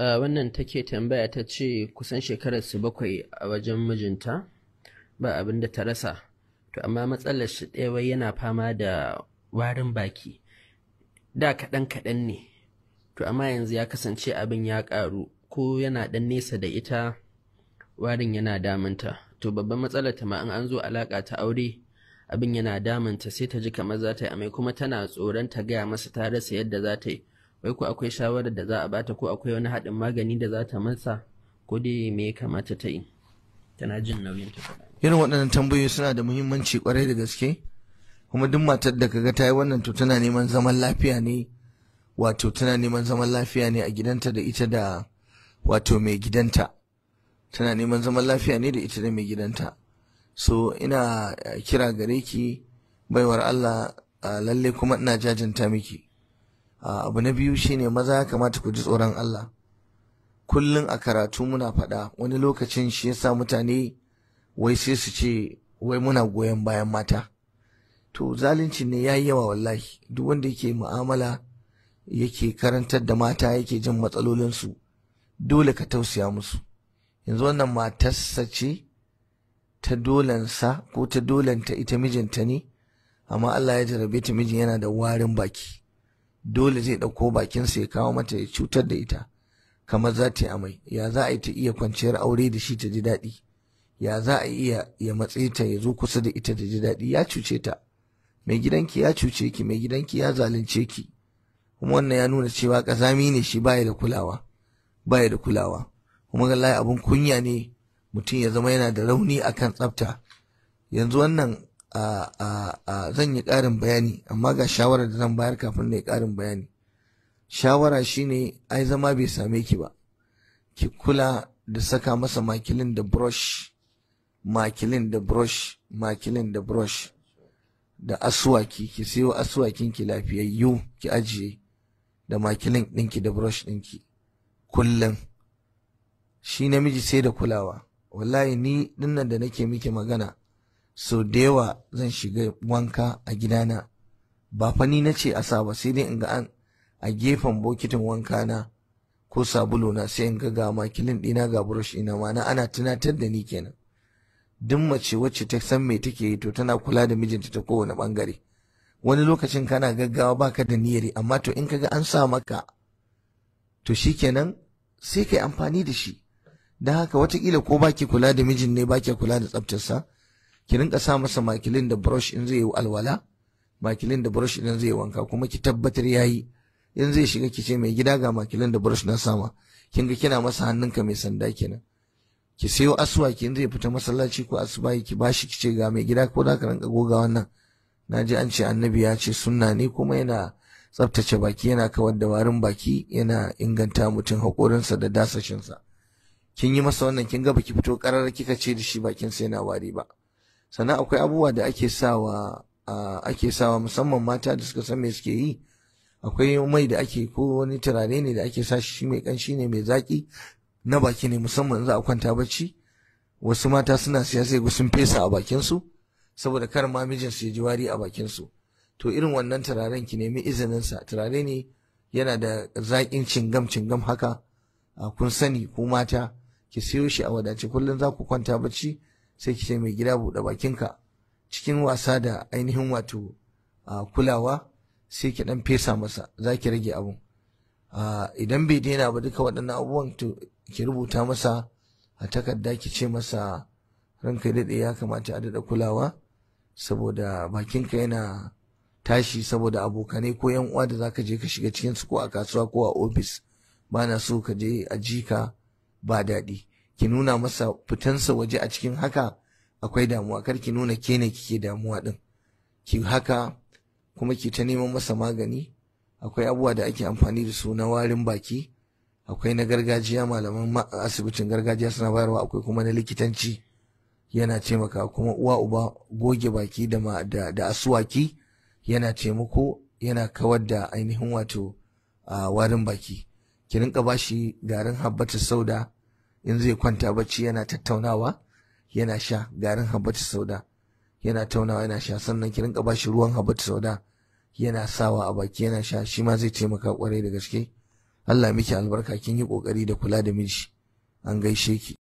wannan take tambaya ta ce kusan shekarar su bakwai a wajen mijinta ba abin da ta rasa to amma matsalar shi ɗaya wai yana fama da warin baki da kaɗan kaɗan ne to amma yanzu ya kasance abin ya ƙaru ko yana ɗan nesa da ita warin yana damunta to babban matsalar ta ma in an zo alaƙa ta aure abin yana damunta sai ta ji kamar za ta yi amai kuma tana tsoron ta gaya masa ta rasa yadda za ta yi wai ko akwai shawarar da za a bata ko akwai wani haɗin magani da za ta masa ko dai me ya kamata ta yi tana jin nauyin ta irin waɗannan tambayoyi suna da muhimmanci kwarai da gaske kuma duk matar da kaga ta yi wannan to tana neman zaman lafiya ne wato tana neman zaman lafiya ne a gidanta da ita da wato mai gidanta tana neman zaman lafiya ne da ita da mai gidanta so ina eh, kira gare ki baiwar Allah ah, lalle kuma ina jajanta miki Ah, abu na biyu shine maza ya kamata ku ji tsoron Allah kullum a karatu muna faɗa wani lokacin shi yasa mutane wai sai su ce wai muna goyon bayan mata to zalunci ne yayi yawa wallahi duk wanda yake mu'amala yake karantar da mata yake jin matsalolinsu dole ka tausaya musu yanzu wannan matarsa ce ta dolansa ko ta dolanta ita mijinta ne amma Allah ya jarabe ta mijin yana da warin baki dole zai ɗauko bakinsa ya kawo mata ya cutar da ita kamar za ta yi amai ya za a yi ta iya kwanciyar aure da shi ta ji daɗi ya za a iya ya matse ta ya zo kusa da ita ta ji daɗi ya cuce ta mai gidanki ya cuce ki mai gidanki ya zalunce ki kuma wannan ya nuna cewa ƙazami ne shi baya da kulawa baya da kulawa kuma layi abin kunya ne mutum ya zama yana da rauni akan tsafta yanzu wannan zan yi ƙarin bayani amma ga shawarar da zan bayar kafin na yi ƙarin bayani shawara shine ai zama bai same ki ba ki kula da saka masa makilin da brush makilin da brush makilin da brush da aswaki ki siyo aswakin ki lafiyayyu ki ajiye da makilin ɗinki da brush ɗinki kullum shi namiji sai da kulawa wallahi ni dinnan da nake miki magana so da yawa zan shiga wanka a gidana ba fa ni na ce a sa ba sai dai in ga an a gefen bokitin wanka na ko sabulu na sai in ga ga makilin dina ga brush na ma na ana tunatar da ni kenan duk mace wacce ta san me take yi to tana kula da mijinta ta kowane bangare wani lokacin kana gaggawa baka da niyyari amma to in kaga an sa maka to shikenan sai kai amfani da shi dan haka watakila ko baki kula da mijin ne baki kula da tsaftarsa ki rinka sa masa makilin da brush in zai yi alwala makilin da brush idan zai wanka kuma ki tabbatar yayi in zai shiga ki ce mai gida ga makilin da brush na sama kin ga kina masa hannunka mai sanda kenan ki sayo aswaki in zai fita masallaci ko asubahi ki bashi ki ce ga mai gida ko da ka rinka goga wannan naji ji an ce annabi ya ce sunna ne kuma yana tsaftace baki yana kawar da warin baki yana inganta mutum haƙorinsa da dasashinsa kin yi masa wannan kin ga baki fito ƙarar kika ce da shi bakin sai yana wari ba sannan akwai abubuwa da ake sawa ake sawa musamman mata da suka san me suke yi akwai mai da ake ko wani turare ne da ake sa shi mai kanshi ne mai zaki na baki ne musamman za a kwanta bacci wasu mata suna siya sai sun fesa a bakin su saboda kar ma mijin su ya ji wari a bakin su to irin wannan turaren ki nemi izinin sa turare ne yana da zakin cingam cingam haka kun sani ko mata ki siyo shi a wadace kullum za ku kwanta bacci sai ki ce mai gida buɗe bakinka cikin wasa da ainihin wato kulawa sai ki ɗan fesa masa za ki rage abun idan bai daina ba duka waɗannan abubuwan to ki rubuta masa a takarda ki ce masa ranka daɗe ya kamata a daɗa kulawa saboda bakinka yana tashi saboda abokanai ko yan uwa da za ka je ka shiga cikin su ko a kasuwa ko a ofis ba na so ka je a ji ka ba daɗi ki nuna masa fitansa waje a cikin haka akwai damuwa kar ki nuna ke ne kike damuwa din ki haka kuma ki ta neman masa magani akwai abubuwa da ake amfani da su na warin baki akwai na gargajiya malaman asibitin gargajiya suna bayarwa akwai kuma na likitanci yana taimaka kuma uwa uba goge baki da, da, asuwaki yana taimako yana kawar da ainihin wato ah, warin baki ki rinka bashi garin habbata sauda in zai kwanta bacci yana tattaunawa yana sha garin habatu sauda yana taunawa yana sha sannan ki rinka bashi ruwan habatu sauda yana sawa a baki yana sha shi ma zai taimaka kwarai da gaske Allah miki albarka kin yi kokari da kula da miji an gaishe ki